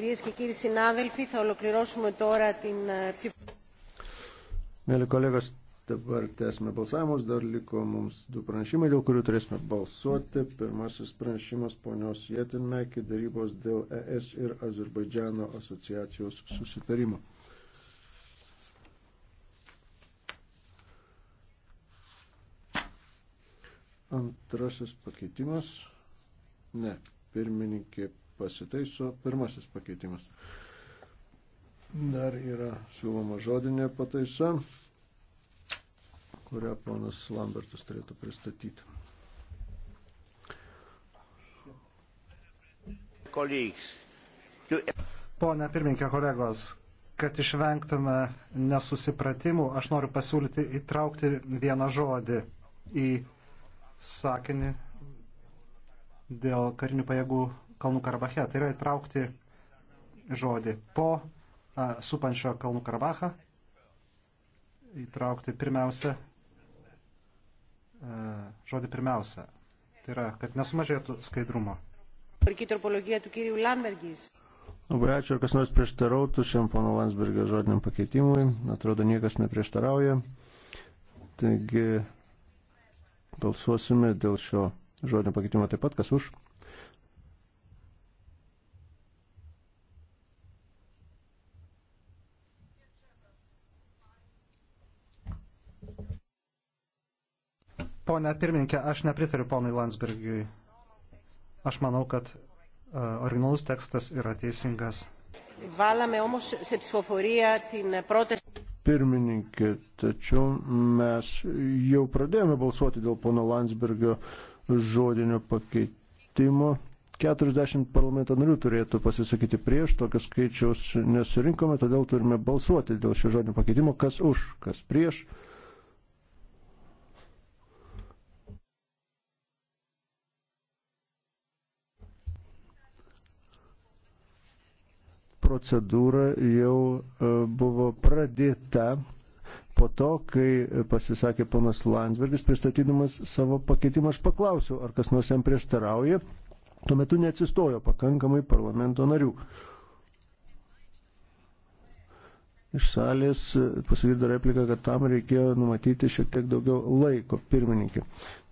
Κυρίες και κύριοι συνάδελφοι, θα ολοκληρώσουμε τώρα την ψηφοφορία. Mėly kolegos, dabar tęsime balsavimus, dar liko mums du pranešimai, dėl kurių turėsime balsuoti. Pirmasis pranešimas ponios Jėtinmekį darybos dėl ES ir Azerbaidžiano asociacijos susitarimo. Antrasis pakeitimas. Ne, pirmininkė pasitaiso pirmasis pakeitimas. Dar yra siūloma žodinė pataisa, kurią ponas Lambertas turėtų pristatyti. Pone pirmininkė kolegos, kad išvengtume nesusipratimų, aš noriu pasiūlyti įtraukti vieną žodį į sakinį dėl karinių pajėgų Kalnų Karabache. Tai yra įtraukti žodį po a, supančio Kalnų Karabachą. Įtraukti pirmiausia a, žodį pirmiausia. Tai yra, kad nesumažėtų skaidrumo. Labai ačiū, ar kas nors prieštarautų šiam pono Landsbergio žodiniam pakeitimui. Atrodo, niekas neprieštarauja. Taigi balsuosime dėl šio žodinio pakeitimo taip pat, kas už. Pone pirmininkė, aš nepritariu ponui Landsbergiui. Aš manau, kad uh, originalus tekstas yra teisingas. Βάλαμε όμως σε ψηφοφορία την πρόταση. Pirmininkė, tačiau mes jau pradėjome balsuoti dėl pono Landsbergio žodinio pakeitimo. 40 parlamento narių turėtų pasisakyti prieš, tokio skaičiaus nesurinkome, todėl turime balsuoti dėl šio žodinio pakeitimo, kas už, kas prieš. procedūra jau e, buvo pradėta po to, kai pasisakė ponas Landsbergis, pristatydamas savo pakeitimą, aš paklausiau, ar kas nors jam prieštarauja. Tuo metu neatsistojo pakankamai parlamento narių. Iš salės pasigirdo replika, kad tam reikėjo numatyti šiek tiek daugiau laiko, pirmininkė.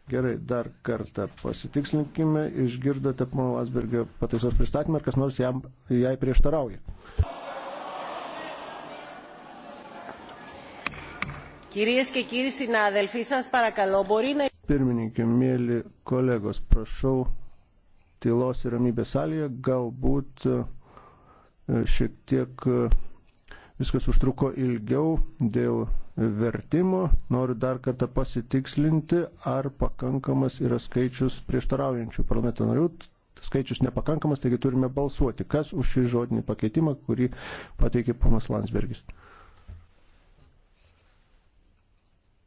Gerai, dar kartą pasitikslinkime, išgirdote pono Lasbergio pataisos pristatymą, ar kas nors jam, jai prieštarauja. Κυρίες και κύριοι συνάδελφοι, σας παρακαλώ, μπορεί να... Pirmininkė, mėly kolegos, prašau tylos ir ramybės salėje, galbūt e, šiek tiek e, Viskas užtruko ilgiau dėl vertimo. Noriu dar kartą pasitikslinti, ar pakankamas yra skaičius prieštaraujančių parlamento narių. Skaičius nepakankamas, taigi turime balsuoti. Kas už šį žodinį pakeitimą, kurį pateikė ponas Landsbergis?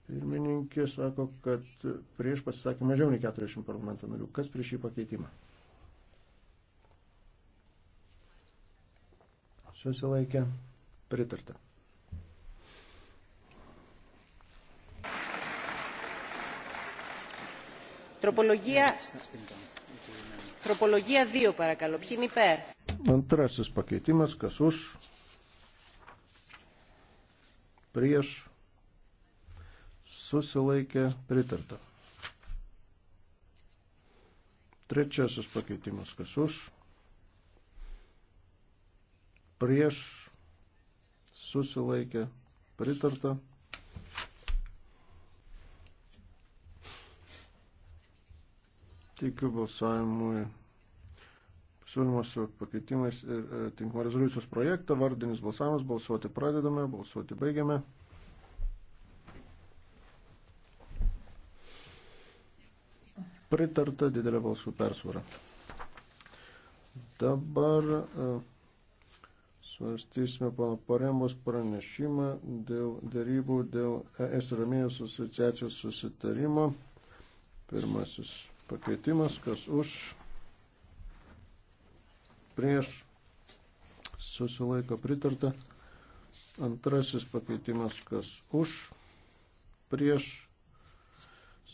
Pirmininkė sako, kad prieš pasisakė mažiau nei 40 parlamento narių. Kas prieš šį pakeitimą? Susilaikė. Pritarta. Τροπολογία... Τροπολογία 2, παρακαλώ. Ποιοι είναι υπέρ. Antrasis pakeitimas, kas už, prieš, susilaikė, pritarta. Trečiasis pakeitimas, kas už, prieš, susilaikė, pritarta. Tikiu balsavimui siūlymas su pakeitimais ir e, tinkamo rezoliucijos projektą, vardinis balsavimas, balsuoti pradedame, balsuoti baigiame. Pritarta didelė balsų persvara. Dabar uh, svarstysime pono Paremos pranešimą dėl darybų dėl ES Ramėjos asociacijos susitarimo. Pirmasis pakeitimas, kas už, prieš, susilaiko pritarta. Antrasis pakeitimas, kas už, prieš,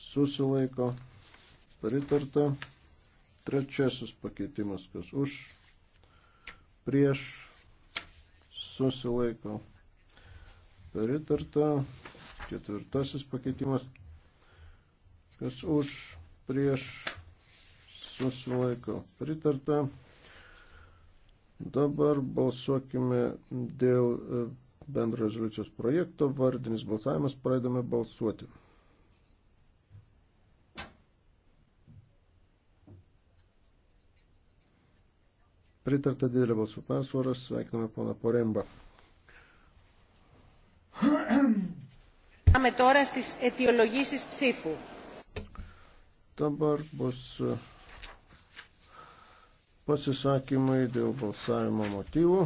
susilaiko pritarta. Trečiasis pakeitimas, kas už, prieš, susilaiko pritarta. Ketvirtasis pakeitimas, kas už, prieš susilaiko pritarta. Dabar balsuokime dėl e, bendro rezoliucijos projekto. Vardinis balsavimas, pradame balsuoti. Pritarta didelė balsų persvaras. Sveikiname poną Porembą. Πάμε τώρα στις αιτιολογήσεις ψήφου. Dabar bus e, pasisakymai dėl balsavimo motyvų.